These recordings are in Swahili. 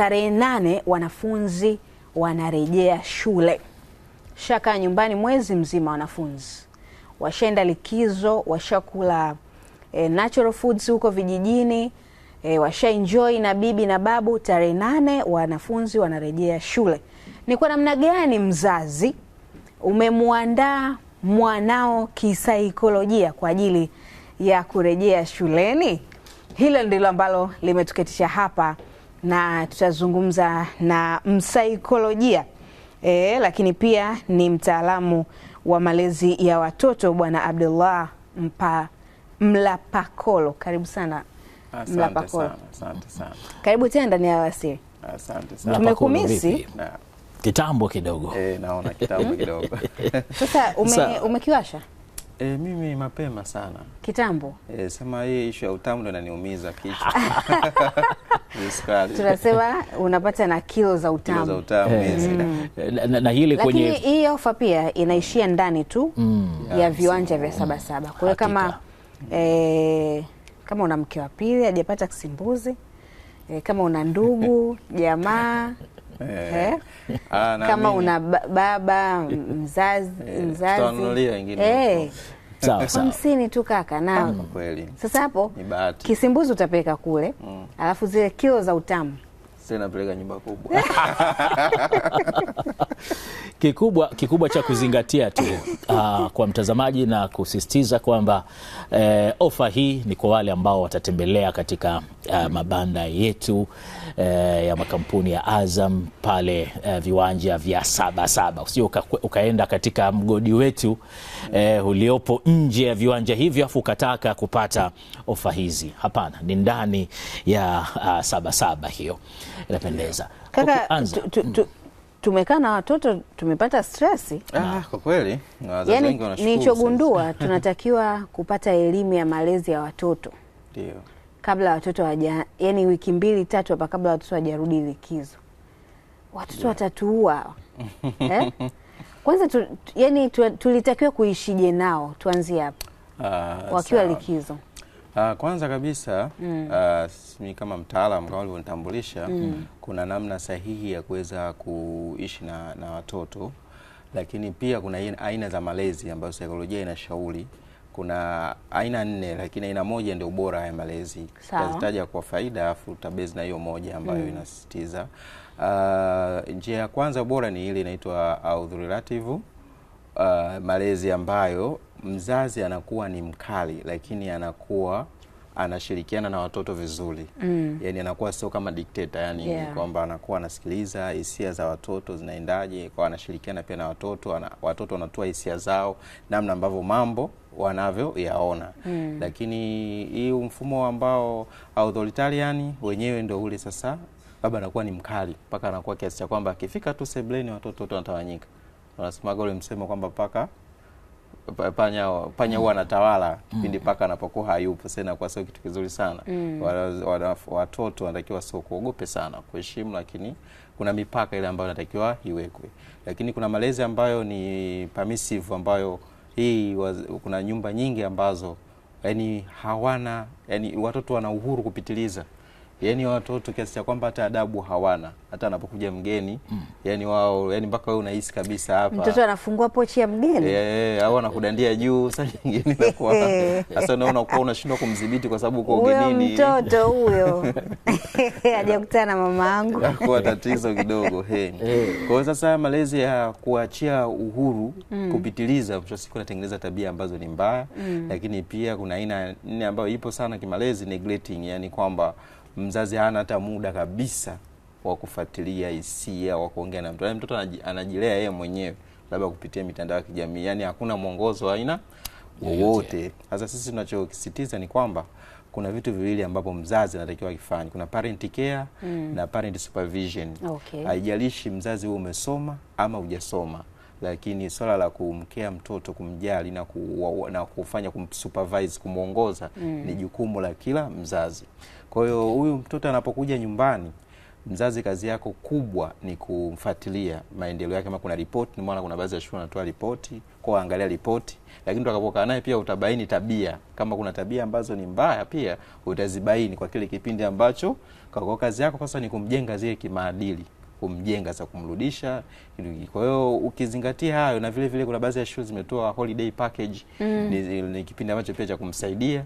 tarehe nane wanafunzi wanarejea shule. Shakaa nyumbani mwezi mzima wanafunzi, washaenda likizo, washakula e, natural foods huko vijijini e, washaenjoy na bibi na babu. Tarehe nane wanafunzi wanarejea shule. Ni kwa namna gani mzazi umemwandaa mwanao kisaikolojia kwa ajili ya kurejea shuleni? Hilo ndilo ambalo limetuketisha hapa na tutazungumza na msaikolojia e, lakini pia ni mtaalamu wa malezi ya watoto Bwana Abdullah Mpa, Mlapakolo. Karibu sana Mlapakolo. Karibu tena ndani ya wasiri Tumekumisi kitambo kidogo. E, naona kitambo kidogo. Sasa ume, umekiwasha E, mimi mapema sana kitambo. E, sema hii ishu ya utamu ndo inaniumiza kichwa tunasema unapata na kilo za utamu, kilo za utamu mm. na, na, na hili kwenye... Lakini hii ofa pia inaishia ndani tu mm. ya yeah, viwanja vya Sabasaba mm. kwa hiyo kama e, kama una mke wa pili hajapata kisimbuzi e, kama una ndugu jamaa Ah, kama una baba mzazi mzazi eh, hamsini tu kaka, na Sasa hapo kisimbuzi utapeleka kule mm. alafu zile kilo za utamu napeleka nyumba kubwa Kikubwa, kikubwa cha kuzingatia tu uh, kwa mtazamaji na kusisitiza kwamba uh, ofa hii ni kwa wale ambao watatembelea katika uh, mabanda yetu uh, ya makampuni ya Azam pale uh, viwanja vya Sabasaba. Usio uka, ukaenda katika mgodi wetu uh, uliopo nje ya viwanja hivyo afu ukataka kupata ofa hizi. Hapana, ni ndani ya uh, ah, Sabasaba hiyo inapendeza. Kaka, okay, tumekaa na watoto tumepata stresi ah, ah, kwa kweli wazazi yani, wengi Nilichogundua tunatakiwa kupata elimu ya malezi ya watoto ndio kabla watoto waja, yani wiki mbili tatu hapa kabla watoto wajarudi likizo, watoto watatuua eh? Kwanza tu, yani tulitakiwa kuishije nao, tuanzie hapo ah, wakiwa sawa. likizo Uh, kwanza kabisa mm. Uh, mimi kama mtaalamu kama ulivyonitambulisha mm. Kuna namna sahihi ya kuweza kuishi na, na watoto, lakini pia kuna aina za malezi ambayo saikolojia inashauri. Kuna aina nne, lakini aina moja ndio bora ya malezi, tazitaja kwa faida, alafu tabezi na hiyo moja ambayo mm. inasisitiza uh, njia ya kwanza bora ni ile inaitwa authoritative uh, malezi ambayo mzazi anakuwa ni mkali lakini anakuwa anashirikiana na watoto vizuri mm. Yani anakuwa sio kama dikteta yani yeah. Kwamba anakuwa anasikiliza hisia za watoto zinaendaje, kwa anashirikiana pia na watoto ana, watoto wanatoa hisia zao namna ambavyo mambo wanavyoyaona mm. Lakini hii mfumo ambao authoritarian wenyewe ndio ule sasa, baba anakuwa ni mkali mpaka anakuwa kiasi cha kwamba akifika tu sebleni watoto wote wanatawanyika wanasemaga ule msemo kwamba paka panya panya huwa anatawala kipindi mm. paka anapokuwa hayupo. Sasa inakuwa sio kitu kizuri sana mm. Watoto wanatakiwa sio kuogope sana, kuheshimu, lakini kuna mipaka ile ambayo inatakiwa iwekwe, lakini kuna malezi ambayo ni permissive, ambayo hii waz, kuna nyumba nyingi ambazo yani hawana yani watoto wana uhuru kupitiliza yani watoto kiasi cha kwamba hata adabu hawana, hata anapokuja mgeni mm. yani wao yani mpaka wewe unahisi kabisa hapa mtoto anafungua pochi ya mgeni eh, eh au anakudandia juu. Sasa nyingine inakuwa eh. sasa unaona kwa unashindwa kumdhibiti kwa sababu uko ugenini, mtoto huyo hajakutana na mama yangu kwa tatizo kidogo he eh. Kwa hiyo sasa malezi ya kuachia uhuru mm. kupitiliza, mwisho siku natengeneza tabia ambazo ni mbaya mm. lakini pia kuna aina nne ambayo ipo sana kimalezi, neglecting, yani kwamba mzazi hana hata muda kabisa wa kufuatilia hisia, wa kuongea na mtoto. yaani mtoto anajilea yeye mwenyewe, labda kupitia mitandao ya kijamii, yani hakuna mwongozo wa aina wowote. Sasa sisi tunachokisitiza ni kwamba kuna vitu viwili ambapo mzazi anatakiwa akifanye. Kuna parent care mm. na parent supervision. Haijalishi okay. mzazi wewe umesoma ama hujasoma, lakini swala la kumkea mtoto, kumjali na, ku, na kufanya kumsupervise, kumwongoza mm. ni jukumu la kila mzazi. Kwa hiyo huyu mtoto anapokuja nyumbani mzazi kazi yako kubwa ni kumfuatilia maendeleo yake. Kama kuna ripoti, ni maana kuna baadhi ya shule wanatoa ripoti kwa, angalia ripoti, lakini utakapokaa naye pia utabaini tabia. Kama kuna tabia ambazo ni mbaya, pia utazibaini kwa kile kipindi ambacho, kwa kazi yako sasa ni kumjenga zile kimaadili kumjenga za kumrudisha. Kwa hiyo ukizingatia hayo na vile vile kuna baadhi ya shule zimetoa holiday package mm. Ni, ni kipindi ambacho pia cha kumsaidia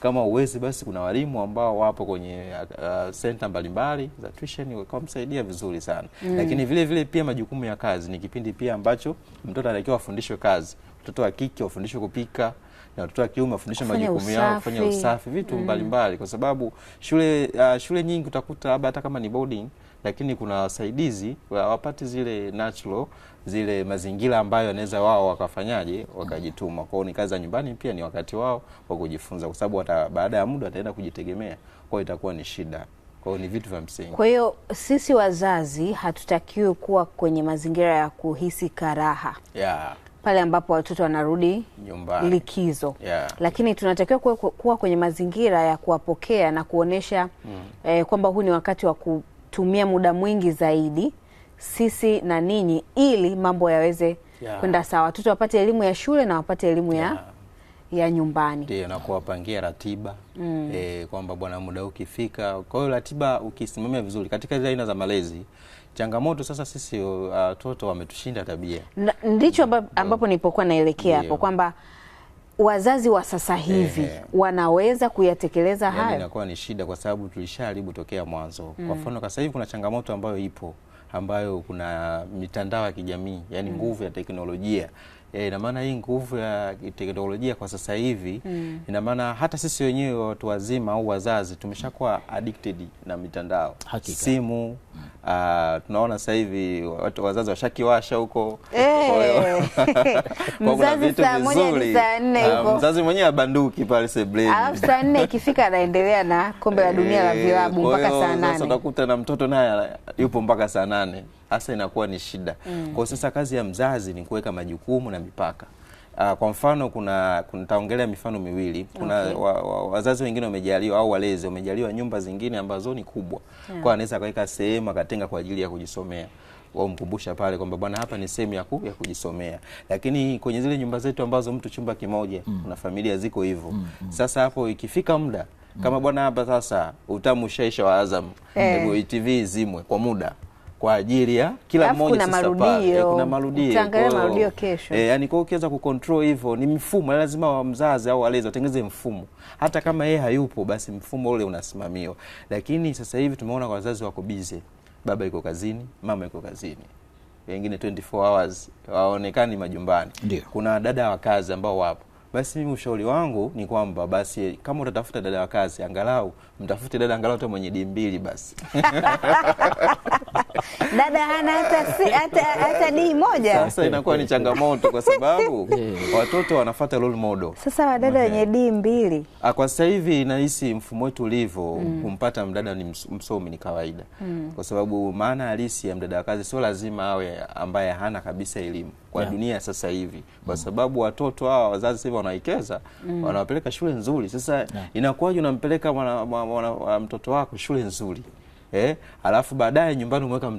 kama uwezi basi, kuna walimu ambao wapo kwenye uh, senta uh, mbalimbali za tuition wakamsaidia vizuri sana mm. Lakini vile vile pia majukumu ya kazi, ni kipindi pia ambacho mtoto anatakiwa afundishwe kazi. Mtoto wa kike afundishwe kupika na watoto wa kiume wafundishe majukumu yao, kufanya usafi, vitu mm. mbalimbali mm. mbali. Kwa sababu shule uh, shule nyingi utakuta labda hata kama ni boarding lakini kuna wasaidizi wapati zile natural zile mazingira ambayo wanaweza wao wakafanyaje wakajituma kwao. Ni kazi za nyumbani pia ni wakati wao wa kujifunza, kwa sababu baada ya muda wataenda kujitegemea, kwao itakuwa ni shida. Kwao ni vitu vya msingi. Kwa hiyo sisi wazazi hatutakiwi kuwa kwenye mazingira ya kuhisi karaha yeah pale ambapo watoto wanarudi nyumbani likizo yeah. Lakini tunatakiwa kuwa, kwenye mazingira ya kuwapokea na kuonyesha mm. eh, kwamba huu ni wakati wa kutumia muda mwingi zaidi sisi na ninyi ili mambo yaweze yeah. kwenda sawa, watoto wapate elimu ya shule na wapate elimu yeah. ya ya nyumbani. Ndio, na kuwapangia ratiba mm. E, kwamba bwana, muda ukifika. Kwa hiyo ratiba ukisimamia vizuri katika zile aina za malezi changamoto sasa sisi uh, watoto uh, wametushinda tabia. Ndicho mm. ambapo nilipokuwa naelekea hapo kwamba wazazi wa sasa hivi yeah, wanaweza kuyatekeleza yani hayo. Inakuwa ni shida kwa sababu tulishaharibu tokea mwanzo mm. Kwa mfano sasa hivi kuna changamoto ambayo ipo ambayo kuna mitandao ya kijamii yani mm. nguvu mm. ya teknolojia E, ina maana hii nguvu ya teknolojia kwa sasa hivi mm. ina maana hata sisi wenyewe watu wazima au wazazi tumeshakuwa addicted na mitandao Hakika. simu mm. Uh, tunaona sasa hivi watu wazazi washakiwasha huko hey. Eh. kuna saa vizuri huko ah, mzazi mwenyewe abanduki pale sebleni, alafu saa nne ikifika anaendelea na kombe la dunia la eh, vilabu mpaka saa nane. Sasa utakuta na mtoto naye yupo mpaka saa nane hasa inakuwa ni shida mm. Kwa sasa kazi ya mzazi ni kuweka majukumu na mipaka. Uh, kwa mfano kuna nitaongelea mifano miwili. Kuna okay. wa, wa, wazazi wengine wamejaliwa au walezi wamejaliwa nyumba zingine ambazo ni kubwa yeah. Kwa anaweza akaweka sehemu akatenga kwa ajili ya kujisomea wamkumbusha pale kwamba bwana, hapa ni sehemu ya, ku, ya kujisomea. Lakini kwenye zile nyumba zetu ambazo mtu chumba kimoja mm. kuna familia ziko hivyo mm, mm. Sasa hapo ikifika muda mm. kama bwana, hapa sasa utamu ushaisha wa Azam, hey. Eh. TV izimwe kwa muda kwa ajili ya kila mmoja sasa pale eh, kuna marudio tutaangalia oh. marudio kesho eh, yani kwa ukiweza kucontrol hivyo ni mfumo lazima wa mzazi au walezi watengeneze mfumo hata kama yeye hayupo basi mfumo ule unasimamiwa lakini sasa hivi tumeona kwa wazazi wako busy baba yuko kazini mama yuko kazini wengine 24 hours waonekani majumbani Ndiyo. kuna dada wa kazi ambao wapo basi mimi ushauri wangu ni kwamba basi kama utatafuta dada wa kazi angalau mtafute dada angalau hata mwenye dimbili basi dada hana hata, hata D moja. Sasa inakuwa ni changamoto kwa sababu watoto wanafuata role model. Sasa wadada wenye okay. D mbili ah, kwa sasa hivi nahisi mfumo wetu ulivyo mm. kumpata mdada ni msomi ni kawaida mm. kwa sababu maana halisi ya mdada wa kazi sio lazima awe ambaye hana kabisa elimu kwa yeah. dunia sasa hivi kwa mm. sababu watoto hawa wazazi sasa hivi wanawekeza mm. wanawapeleka shule nzuri. Sasa yeah. inakuwaje unampeleka mtoto wako shule nzuri eh, alafu baadaye nyumbani umeweka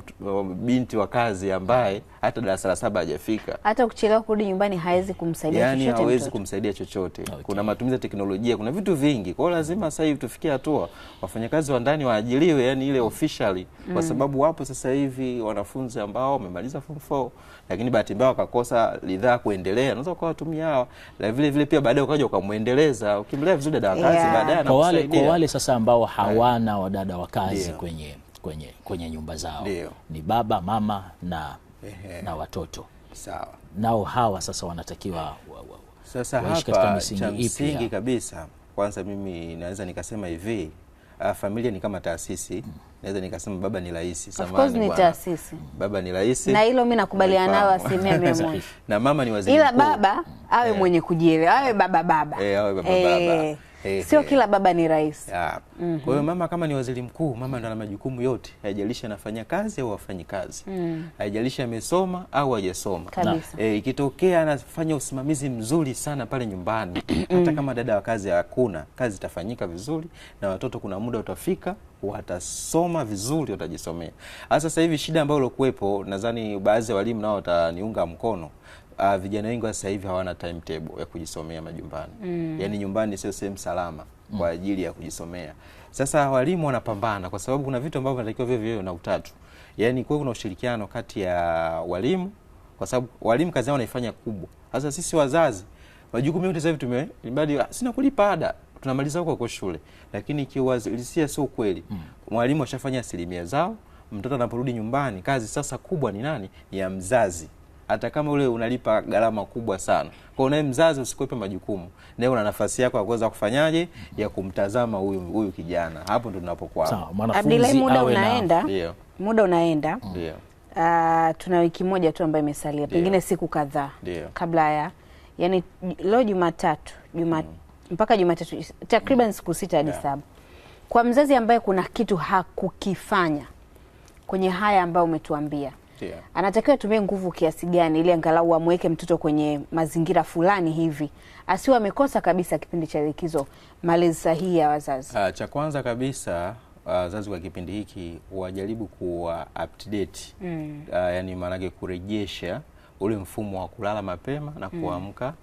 binti wa kazi ambaye hata darasa la saba hajafika. Hata kuchelewa kurudi nyumbani hawezi kumsaidia yani, chochote, hawezi kumsaidia chochote okay. Kuna matumizi ya teknolojia, kuna vitu vingi, kwa lazima sasa hivi tufikie hatua wafanyakazi wa ndani waajiriwe, yani ile officially mm. Kwa sababu wapo sasa hivi wanafunzi ambao wamemaliza form 4 lakini bahati mbaya wakakosa ridhaa kuendelea, unaweza watumia hawa la vile vile pia baadaye ukaja ukamwendeleza, ukimlea vizuri dada wa kazi yeah. Baadaye kwa wale, kwa wale sasa ambao eh. hawana wadada wa kazi yeah. kwenye kwenye, kwenye nyumba zao Leo. Ni baba mama na, Ehe. na watoto sawa. Nao hawa sasa wanatakiwa wa, wa, sasa waishi katika misingi kabisa? Kwanza mimi naweza nikasema hivi Uh, familia ni kama taasisi mm. Naweza nikasema baba ni rais, samahani ni taasisi, baba ni rais, na hilo mimi nakubaliana nao asilimia mia moja na mama ni waziri, ila baba awe eh. mwenye kujielewa, awe baba baba, eh, awe baba baba eh sio kila baba ni rais. Mm -hmm. Kwa hiyo mama kama ni waziri mkuu, mama ndo ana majukumu yote, haijalishi anafanya kazi au afanyi kazi, mm. haijalishi mm. amesoma au hajasoma. E, ikitokea anafanya usimamizi mzuri sana pale nyumbani hata kama dada wa kazi hakuna, kazi itafanyika vizuri na watoto, kuna muda utafika watasoma vizuri, watajisomea. Sasa hivi shida ambayo ilikuwepo, nadhani baadhi ya walimu nao wataniunga mkono uh, vijana wengi sasa hivi hawana timetable ya kujisomea majumbani mm. Yaani nyumbani sio sehemu salama mm. kwa ajili ya kujisomea. Sasa walimu wanapambana kwa sababu kuna vitu ambavyo vinatakiwa vivyo hivyo na utatu, yaani kuwe kuna ushirikiano kati ya walimu, kwa sababu walimu kazi yao wanaifanya kubwa. Sasa sisi wazazi majukumu yote sasa hivi tumebadi, ah, sina kulipa ada tunamaliza huko kwa shule, lakini kiuhalisia sio kweli. mm. Mwalimu ashafanya asilimia zao, mtoto anaporudi nyumbani kazi sasa kubwa ni nani? Ni ya mzazi hata kama ule unalipa gharama kubwa sana. Kwa hiyo mzazi usikwepe majukumu, nae una nafasi yako ya kuweza kufanyaje ya kumtazama huyu huyu kijana. Hapo ndo tunapokuwa. Sawa, muda unaenda, ndio muda unaenda, ndio uh, tuna wiki moja tu ambayo imesalia, pengine siku kadhaa kabla ya yani, leo Jumatatu juma mm. mpaka Jumatatu takriban siku sita hadi saba. Kwa mzazi ambaye kuna kitu hakukifanya kwenye haya ambayo umetuambia yeah. anatakiwa atumie nguvu kiasi gani ili angalau amweke mtoto kwenye mazingira fulani hivi asiwe amekosa kabisa kipindi cha likizo malezi sahihi ya wazazi? Uh, cha kwanza kabisa ah, wazazi uh, kwa kipindi hiki wajaribu kuwa update mm. uh, yani maanake kurejesha ule mfumo wa kulala mapema na mm. kuamka mm.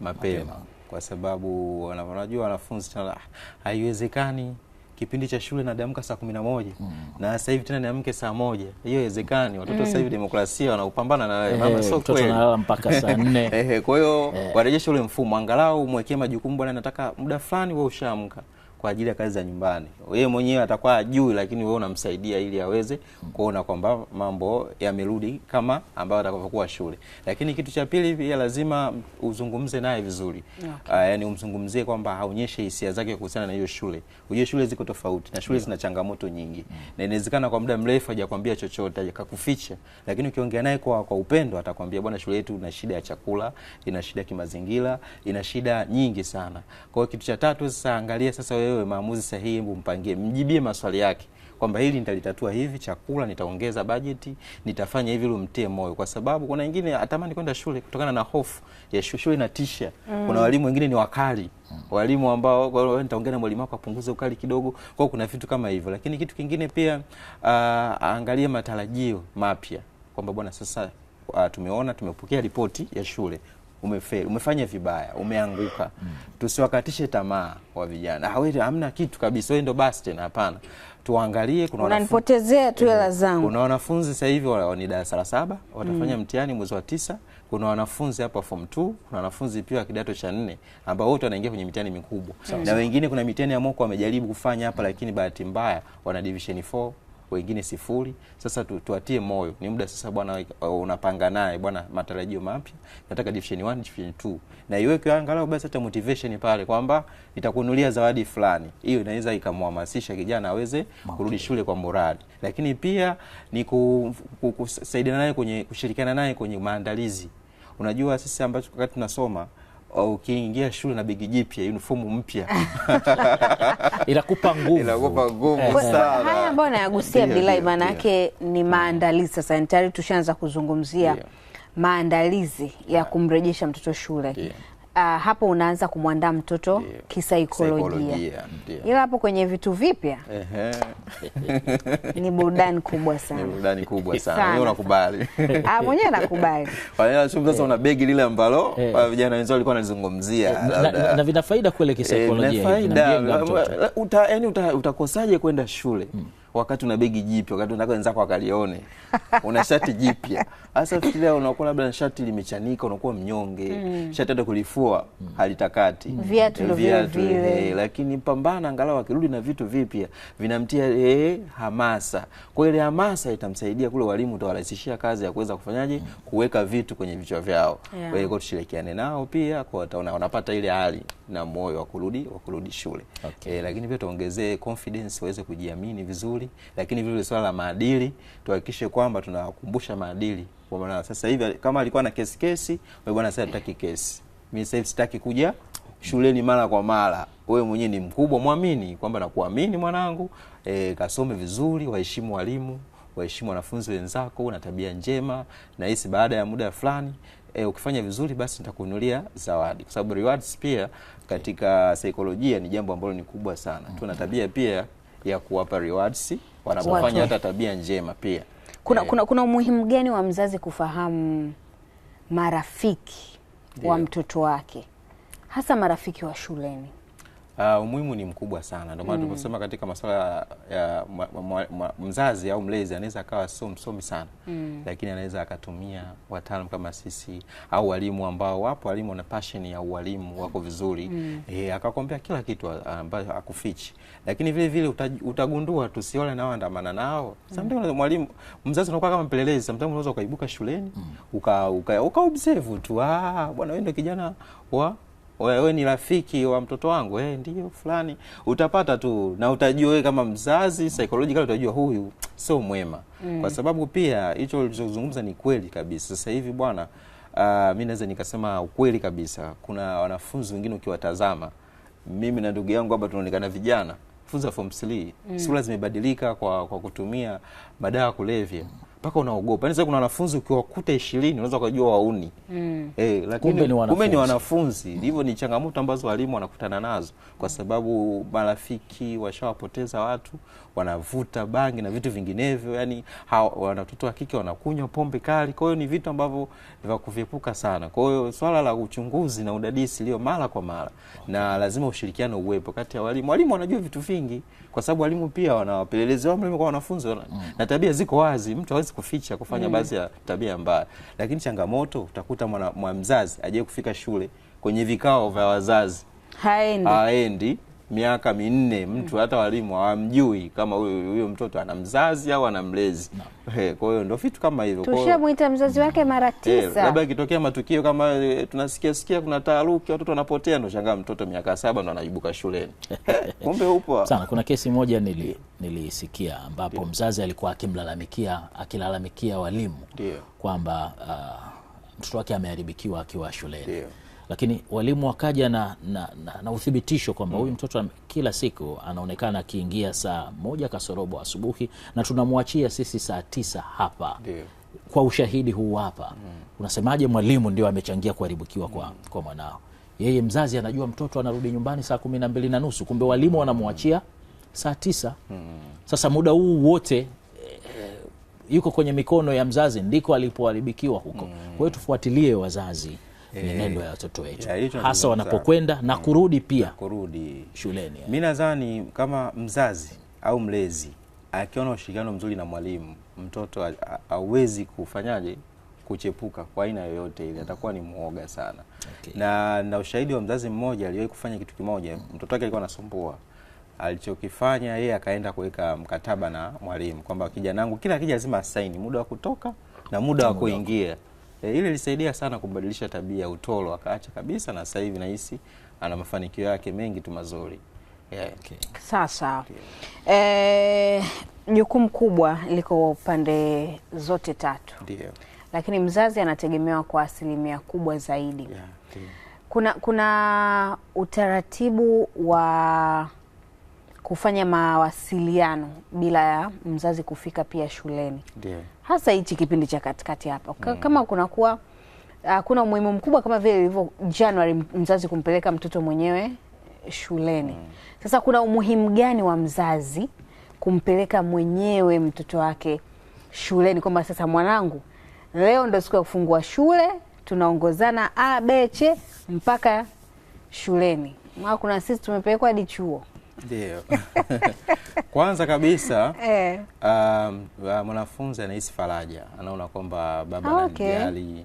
mapema, mapema kwa sababu wanajua wanafunzi tena haiwezekani kipindi cha shule naamka saa kumi na moja mm. na sasa hivi tena niamke saa moja hiyo haiwezekani. Watoto mm. sasa hivi demokrasia wanaupambana na mama, eh, sio kweli, tunalala mpaka saa nne. Eh, kwa hiyo eh. warejeshe ule mfumo, angalau mwekee majukumu, bwana, nataka muda fulani wewe ushaamka kwa ajili ya kazi za nyumbani. Yeye mwenyewe atakuwa ajui, lakini wewe unamsaidia ili aweze kuona kwamba mambo yamerudi kama ambayo atakavyokuwa shule. Lakini kitu cha pili pia lazima uzungumze naye vizuri okay. Uh, ah, yani umzungumzie kwamba haonyeshe hisia zake kuhusiana na hiyo shule. Ujue shule ziko tofauti na shule zina changamoto nyingi mm. na inawezekana kwa muda mrefu hajakwambia chochote, hajakakuficha, lakini ukiongea naye kwa, kwa upendo atakwambia, bwana, shule yetu ina shida ya chakula, ina shida kimazingira, ina shida nyingi sana. Kwa hiyo kitu cha tatu sasa, angalia sasa wewe wewe maamuzi sahihi, hebu mpangie, mjibie maswali yake kwamba hili nitalitatua hivi, chakula nitaongeza bajeti, nitafanya hivi, ili umtie moyo, kwa sababu kuna wengine atamani kwenda shule kutokana na hofu ya shule inatisha. Mm. Kuna walimu wengine ni wakali, walimu ambao, kwa hiyo nitaongea na mwalimu wako apunguze ukali kidogo. Kwa kuna vitu kama hivyo, lakini kitu kingine pia uh, ah, aangalie matarajio mapya kwamba bwana, sasa uh, tumeona tumepokea ripoti ya shule umefeli, umefanya vibaya, umeanguka. Mm. Tusiwakatishe tamaa wa vijana, hawezi hamna kitu kabisa, wewe ndo basi tena, hapana. Tuangalie, kuna unanipotezea tu hela zangu. Kuna wanafunzi sasa hivi ni darasa la saba watafanya mm. mtihani mwezi wa tisa. Kuna wanafunzi hapa form 2 kuna wanafunzi pia wa kidato cha nne ambao wote wanaingia kwenye mitihani mikubwa mm. na wengine kuna mitihani ya moko wamejaribu kufanya hapa, lakini bahati mbaya wana division 4 wengine sifuri. Sasa tu, tuatie moyo, ni muda sasa bwana, uh, unapanga naye bwana, matarajio mapya, nataka division 1 division 2, na iweke angalau basi hata motivation pale kwamba itakunulia zawadi fulani. Hiyo inaweza ikamhamasisha kijana aweze kurudi shule kwa morali, lakini pia ni kusaidiana naye kwenye kushirikiana naye kwenye maandalizi. Unajua sisi ambacho wakati tunasoma ukiingia oh, shule na begi jipya, unifomu mpya inakupa nguvu, inakupa nguvu eh. sana. Haya ambayo nayagusia bilai maana yake ni mm. maandalizi. Sasa tayari tushaanza kuzungumzia maandalizi ya kumrejesha mtoto shule. yeah uh, hapo unaanza kumwandaa mtoto kisaikolojia, ila hapo kwenye vitu vipya ni burudani kubwa sana, ni burudani kubwa sana. Wewe unakubali? Ah, mwenyewe nakubali. Sasa eh. una begi lile ambalo eh. vijana wenzao walikuwa wanazungumzia, eh, na vina faida kweli kisaikolojia, yaani utakosaje kwenda shule hmm wakati una begi jipya, wakati unataka wenzako wakalione una shati jipya. Hasa fikiria, unakuwa labda na shati limechanika, unakuwa mnyonge mm. shati hata kulifua mm. halitakati, mm. viatu ndio vile, eh, lakini pambana, angalau akirudi na vitu vipya vinamtia eh, hamasa. Kwa ile hamasa itamsaidia kule, walimu utawarahisishia kazi ya kuweza kufanyaje, mm. kuweka vitu kwenye vichwa vyao yeah. Kwa hiyo tushirikiane nao pia, kwa wataona wanapata ile hali na moyo wa kurudi wa kurudi shule okay. Eh, lakini pia tuongezee confidence waweze kujiamini vizuri mbalimbali, lakini vile swala la maadili tuhakikishe kwamba tunawakumbusha maadili, kwa maana sasa hivi kama alikuwa na kesi kesi, wewe bwana, sasa hataki kesi, mimi sasa hivi sitaki kuja shuleni mara kwa mara. Wewe mwenyewe ni mkubwa, mwamini kwamba nakuamini mwanangu, e, kasome vizuri, waheshimu walimu, waheshimu wanafunzi wenzako, una tabia njema, na hisi baada ya muda fulani E, ukifanya vizuri basi nitakunulia zawadi, kwa sababu rewards pia katika saikolojia ni jambo ambalo ni kubwa sana. Tuna tabia pia pia kuwapa rewards wanapofanya hata tabia njema pia. Kuna, eh, kuna, kuna umuhimu gani wa mzazi kufahamu marafiki Dio. wa mtoto wake hasa marafiki wa shuleni? uh, umuhimu ni mkubwa sana. Ndio maana mm. tunasema katika masuala ya mzazi au mlezi anaweza akawa sio msomi sana mm. lakini anaweza akatumia wataalamu kama sisi au walimu ambao wapo walimu na passion ya ualimu wako vizuri mm. eh, akakwambia kila kitu ambacho akufichi, lakini vile vile utagundua tu wale nao andamana mm. nao sometimes mm. mwalimu mzazi unakuwa kama mpelelezi sometimes unaweza ukaibuka shuleni mm. uka, uka, uka observe tu ah, bwana wewe ndio kijana wa wewe ni rafiki wa mtoto wangu eh, ndio fulani, utapata tu na utajua wewe kama mzazi psychological, utajua huyu sio mwema mm. Kwa sababu pia hicho ulichozungumza ni kweli kabisa. Sasa hivi bwana, uh, mi naweza nikasema ukweli kabisa, kuna wanafunzi wengine ukiwatazama, mimi na ndugu yangu hapa tunaonekana vijana funza form 3 mm. Sura zimebadilika kwa, kwa kutumia madawa kulevya mpaka unaogopa. Yaani kuna wanafunzi ukiwakuta 20 unaweza kujua wauni mm. Eh, lakini kumbe ni wanafunzi hivyo. Ni changamoto ambazo walimu wanakutana nazo, kwa sababu marafiki washawapoteza watu, wanavuta bangi na vitu vinginevyo, yani watoto wa kike wanakunywa pombe kali. Kwa hiyo ni vitu ambavyo vya kuviepuka sana. Kwa hiyo swala la uchunguzi na udadisi lio mara kwa mara, na lazima ushirikiano uwepo kati ya walimu. Walimu wanajua vitu vingi, kwa sababu walimu pia wanawapelelezi wao kwa wanafunzi mm. na tabia ziko wazi, mtu hawezi kuficha kufanya mm. baadhi ya tabia mbaya, lakini changamoto utakuta mwana mzazi ajaye kufika shule kwenye vikao vya wazazi haendi, haendi miaka minne mtu mm. hata walimu hawamjui kama huyo huyo mtoto ana mzazi au ana mlezi. Kwa hiyo ndio vitu kama hivyo. Tushamwita mzazi wake mara tisa. Labda ikitokea matukio kama e, tunasikia sikia kuna taharuki, watoto wanapotea, ndio shangaa mtoto miaka saba ndo anajibuka shuleni. Kumbe upo. Sana kuna kesi moja nili nilisikia ambapo Dio. mzazi alikuwa akimlalamikia akilalamikia walimu kwamba uh, mtoto wake ameharibikiwa akiwa shuleni. Dio lakini walimu wakaja na, na, na, na uthibitisho kwamba huyu mm. mtoto kila siku anaonekana akiingia saa moja kasorobo asubuhi na tunamwachia sisi saa tisa hapa Dio. Kwa ushahidi huu hapa mm. Unasemaje? Mwalimu ndio amechangia kuharibikiwa kwa, mm. kwa mwanao. Yeye mzazi anajua mtoto anarudi nyumbani saa kumi na mbili na nusu, kumbe walimu wanamwachia saa tisa. mm. Sasa muda huu wote eh, yuko kwenye mikono ya mzazi, ndiko alipoharibikiwa huko. mm. Kwa hiyo tufuatilie wazazi mienendo eh, ya watoto wetu hasa wanapokwenda na mm, kurudi pia kurudi shuleni. Mimi nadhani kama mzazi au mlezi akiona ushirikiano mzuri na mwalimu, mtoto hawezi kufanyaje kuchepuka kwa aina yoyote ile, atakuwa ni mwoga sana. Okay. Na na ushahidi wa mzazi mmoja aliwahi kufanya kitu kimoja, mtoto wake alikuwa anasumbua. Alichokifanya yeye akaenda kuweka mkataba na mwalimu kwamba kijanangu kila akija lazima asaini muda wa kutoka na muda wa kuingia E, ile ilisaidia sana kubadilisha tabia ya utoro akaacha kabisa, na sasa hivi nahisi ana mafanikio yake mengi tu mazuri. Yeah, okay. Sasa eh, jukumu kubwa liko pande zote tatu. Ndio. Lakini mzazi anategemewa kwa asilimia kubwa zaidi. Yeah, kuna kuna utaratibu wa kufanya mawasiliano bila ya mzazi kufika pia shuleni. Ndiyo. Hasa hichi kipindi cha katikati hapa mm. kama kunakuwa uh, umuhimu mkubwa kama vile ilivyo Januari mzazi kumpeleka mtoto mwenyewe shuleni mm. Sasa kuna umuhimu gani wa mzazi kumpeleka mwenyewe mtoto wake shuleni, kwamba sasa mwanangu, leo ndo siku ya kufungua shule, tunaongozana abeche mpaka shuleni. maa kuna sisi tumepelekwa hadi chuo. Ndio. Kwanza kabisa eh, um, mwanafunzi anahisi faraja, anaona kwamba baba ah, ananijali, okay.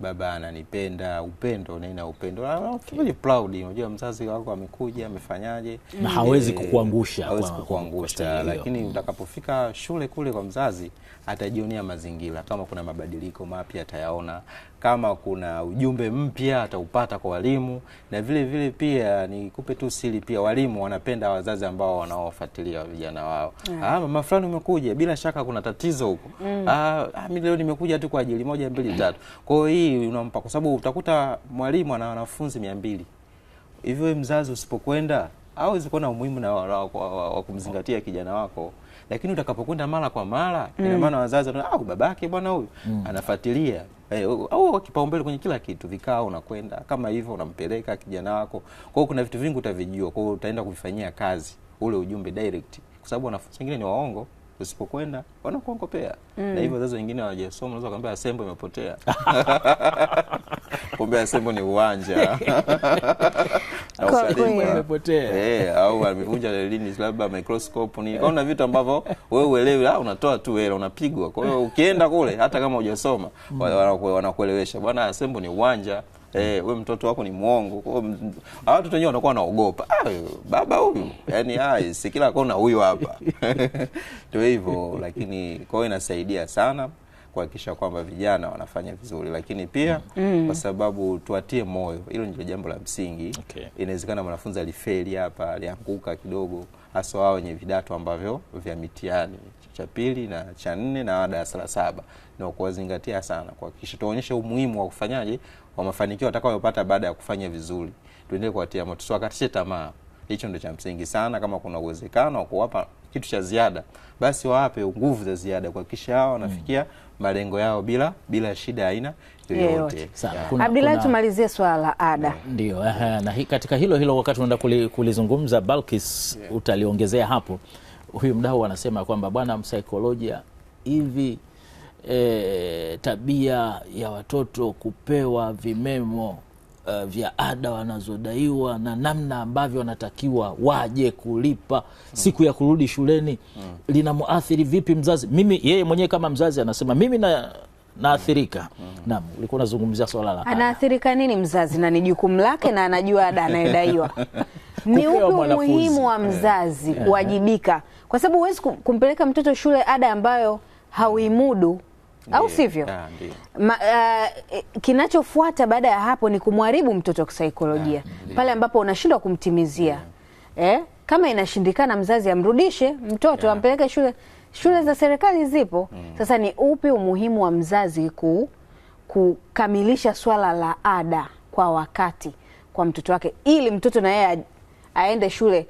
Baba ananipenda, upendo naina upendo, ah, okay. Proud, unajua mzazi wako amekuja amefanyaje, na hawezi kukuangusha, hawezi kukuangusha. Lakini utakapofika shule kule kwa mzazi, atajionea mazingira, kama kuna mabadiliko mapya atayaona, kama kuna ujumbe mpya ataupata kwa walimu, na vile vile pia nikupe tu siri pia, walimu wanapenda wazazi ambao wanaowafuatilia vijana wao. Yeah. Ah, mama fulani umekuja, bila shaka kuna tatizo huko. Mm. Ah, ah, mimi leo nimekuja tu kwa ajili moja mbili tatu. Kwa hiyo hii unampa, kwa sababu utakuta mwalimu ana wanafunzi mia mbili hivyo mzazi usipokwenda hawezi kuona umuhimu na wa kumzingatia kijana wako lakini utakapokwenda mara kwa mara mm. ina maana wazazi ah, babake bwana huyu mm. anafuatilia eh, au hey, kipaumbele kwenye kila kitu, vikao unakwenda kama hivyo, unampeleka kijana wako. Kwa hiyo kuna vitu vingi utavijua, kwa hiyo utaenda kuvifanyia kazi ule ujumbe direct, kwa sababu wanafunzi wengine ni waongo usipokwenda wanakuongopea mm. na hivyo wazazi wengine wanajisoma unaweza kwambia asembo imepotea kumbe anasema ni uwanja amepotea eh, au amevunja lelini labda microscope nini. Kaona vitu ambavyo wewe uelewi, unatoa tu hela unapigwa. Kwa hiyo ukienda kule hata kama hujasoma mm. wanakuelewesha, bwana asembo ni uwanja Eh, wewe mtoto wako ni mwongo. Kwa hiyo hawa wenyewe wanakuwa wanaogopa. Ah, baba huyu. Yaani hai, ah, si kila kona huyu hapa. Ndio hivyo, lakini kwa hiyo inasaidia sana kuhakikisha kwamba vijana wanafanya vizuri, lakini pia mm. kwa sababu tuatie moyo, hilo ndio jambo la msingi okay. Inawezekana mwanafunzi alifeli hapa, alianguka kidogo, hasa wao wenye vidato ambavyo vya mitihani cha pili na cha nne na darasa la saba, na kuwazingatia sana, kuhakikisha tuonyeshe umuhimu wa kufanyaje, wa mafanikio watakayopata baada ya kufanya vizuri. Tuendelee kuwatia moyo, tusiwakatishe tamaa hicho ndio cha msingi sana. Kama kuna uwezekano wa kuwapa kitu cha ziada, basi wawape nguvu za ziada kuhakikisha hao wanafikia mm. malengo yao bila bila shida aina yoyote. Abdullahi, tumalizie swala la ada. Ndio, na katika hilo hilo wakati unaenda kulizungumza Balkis, yeah. utaliongezea hapo. Huyu mdau anasema kwamba bwana msaikolojia hivi E, tabia ya watoto kupewa vimemo uh, vya ada wanazodaiwa na namna ambavyo wanatakiwa waje kulipa mm. siku ya kurudi shuleni mm. linamuathiri vipi mzazi? Mimi yeye mwenyewe kama mzazi anasema mimi na naathirika. mm. Naam, ulikuwa unazungumzia swala la anaathirika nini mzazi, na ni jukumu lake na anajua ada anayodaiwa ni upi umuhimu wa eh. mzazi eh. kuwajibika, kwa sababu huwezi kumpeleka mtoto shule ada ambayo hauimudu au sivyo? uh, kinachofuata baada ya hapo ni kumharibu mtoto kisaikolojia ah, pale ambapo unashindwa kumtimizia eh? Kama inashindikana, mzazi amrudishe mtoto yeah, ampeleke shule. Shule za serikali zipo mm. Sasa ni upi umuhimu wa mzazi ku, kukamilisha swala la ada kwa wakati kwa mtoto wake, ili mtoto na yeye aende shule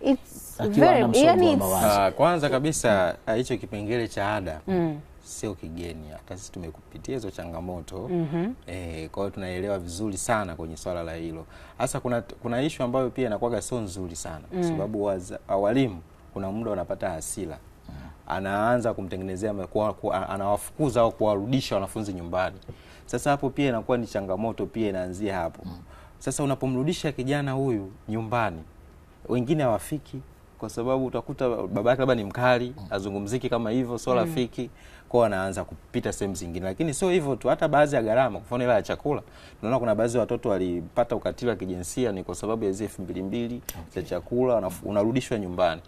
it's very, yani it's... Uh, kwanza kabisa hicho uh, kipengele cha ada mm sio kigeni, hata sisi tumekupitia hizo changamoto mm -hmm. E, kwa hiyo tunaelewa vizuri sana kwenye swala la hilo. Hasa kuna, kuna ishu ambayo pia inakuwaga sio nzuri sana kwa mm. sababu walimu kuna muda wanapata hasira mm. anaanza kumtengenezea anawafukuza au kuwarudisha wanafunzi nyumbani. Sasa hapo pia inakuwa ni changamoto, pia inaanzia hapo mm. Sasa unapomrudisha kijana huyu nyumbani, wengine hawafiki kwa sababu utakuta babake labda ni mkali, mm. azungumziki kama hivyo, sio mm. rafiki mm mkoa wanaanza kupita sehemu zingine. Lakini sio hivyo tu, hata baadhi ya gharama, kwa mfano hela ya chakula, tunaona kuna baadhi ya watoto walipata ukatili wa kijinsia ni kwa sababu ya zile elfu mbili mbili za chakula, unarudishwa nyumbani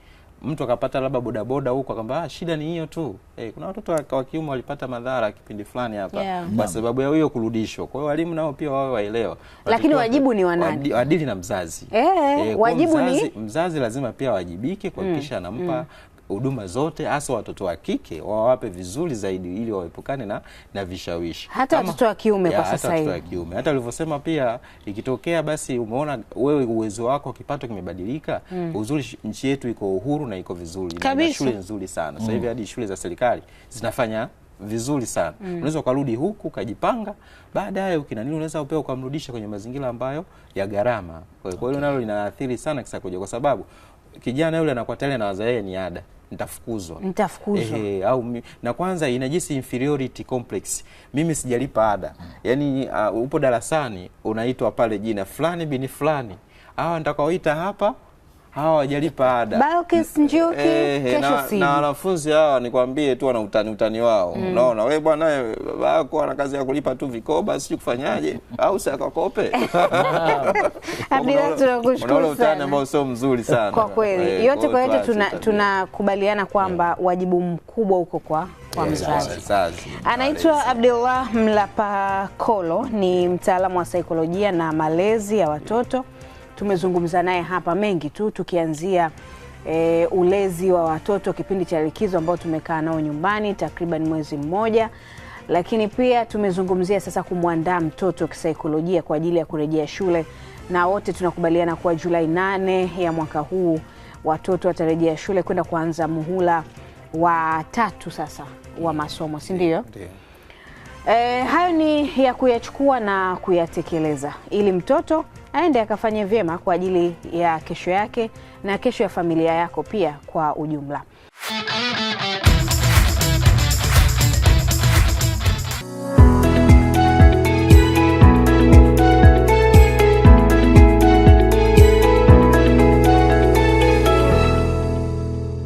mtu akapata labda bodaboda huko akamba ah, shida ni hiyo tu. Hey, eh, kuna watoto wa kiume walipata madhara kipindi fulani hapa kwa yeah, sababu ya hiyo kurudishwa. Kwa hiyo walimu nao pia wawe waelewa, lakini wajibu ni wanani? Wadili na mzazi eh, hey, eh, wajibu mzazi, ni mzazi lazima pia wajibike kuhakikisha mm, anampa mm huduma zote, hasa watoto wa kike wawape vizuri zaidi, ili waepukane na, na vishawishi, hata watoto wa kiume kwa sasa hivi, hata wa kiume hata ulivyosema pia, ikitokea basi umeona wewe uwezo wako kipato kimebadilika mm. Uzuri nchi yetu iko uhuru na iko vizuri na shule nzuri sana mm. Sasa hivi hadi shule za serikali zinafanya vizuri sana mm. Unaweza ukarudi huku ukajipanga, baadaye ukina nini unaweza upewa ukamrudisha kwenye mazingira ambayo ya gharama. Kwa hiyo okay. Nalo linaathiri sana kisaikolojia, kwa sababu kijana yule anakuwa tayari anawaza yeye ni ada nitafukuzwa nitafukuzwa, eh, au na kwanza inajisi inferiority complex, mimi sijalipa ada mm. Yani uh, upo darasani unaitwa pale jina fulani bini fulani, hawa nitakaoita hapa hawa wajalipa ada Balkis Njuki eh, kesho simu. na wanafunzi hawa nikwambie tu wana utani utani wao mm. Unaona wewe bwana, baba yako ana kazi ya kulipa tu vikoba, sio kufanyaje au si akakope. Abdalla, tunakushukuru sana, utani ambao sio mzuri sana kwa kweli. E, yote kwa yote tunakubaliana tuna kwamba yeah. wajibu mkubwa uko kwa kwa eh, mzazi. Anaitwa Abdullah Mlapakolo, ni mtaalamu wa saikolojia na malezi ya watoto Tumezungumza naye hapa mengi tu tukianzia e, ulezi wa watoto kipindi cha likizo ambao tumekaa nao nyumbani takriban mwezi mmoja, lakini pia tumezungumzia sasa kumwandaa mtoto kisaikolojia kwa ajili ya kurejea shule, na wote tunakubaliana kuwa Julai nane ya mwaka huu watoto watarejea shule kwenda kuanza muhula wa tatu sasa wa masomo, sindio E, eh, hayo ni ya kuyachukua na kuyatekeleza ili mtoto aende akafanye vyema kwa ajili ya kesho yake na kesho ya familia yako pia kwa ujumla.